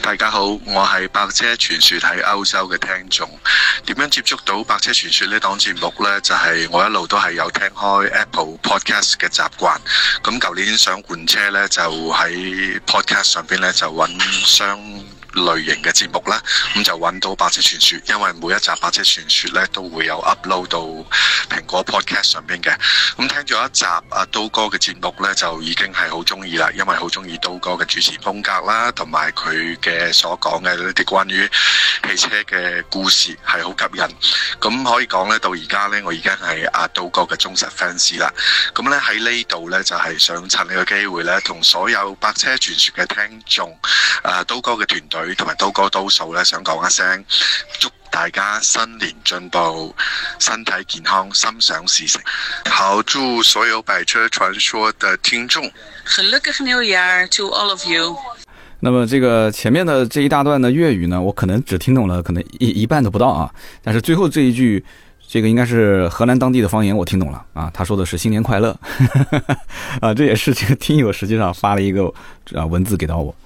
大家好，我係百車全說喺歐洲嘅聽眾。點樣接觸到百車全說呢檔節目呢？就係、是、我一路都係有聽開 Apple Podcast 嘅習慣，咁舊年想換車呢，就喺 Podcast 上邊呢，就揾商。類型嘅節目啦，咁就揾到《百車全說》，因為每一集《百車全說》咧都會有 upload 到蘋果 Podcast 上邊嘅。咁聽咗一集阿刀、啊、哥嘅節目咧，就已經係好中意啦，因為好中意刀哥嘅主持風格啦，同埋佢嘅所講嘅呢啲關於汽車嘅故事係好吸引。咁可以講咧，到而家咧，我已經係阿刀哥嘅忠實 fans 啦。咁咧喺呢度咧，就係、是、想趁個呢個機會咧，同所有《百車全說》嘅聽眾、阿刀哥嘅團隊。佢同埋刀哥刀嫂咧，想講一聲，祝大家新年進步，身體健康，心想事成。好，祝所有《百車傳說》的聽眾。咁，咁新年，to all of you。那麼，這個前面的這一大段的粵語呢，我可能只聽懂了，可能一一半都不到啊。但是最後這一句，這個應該是河南當地的方言，我聽懂了啊。他說的是新年快樂 啊，這也是這個聽友實際上發了一個啊文字給到我。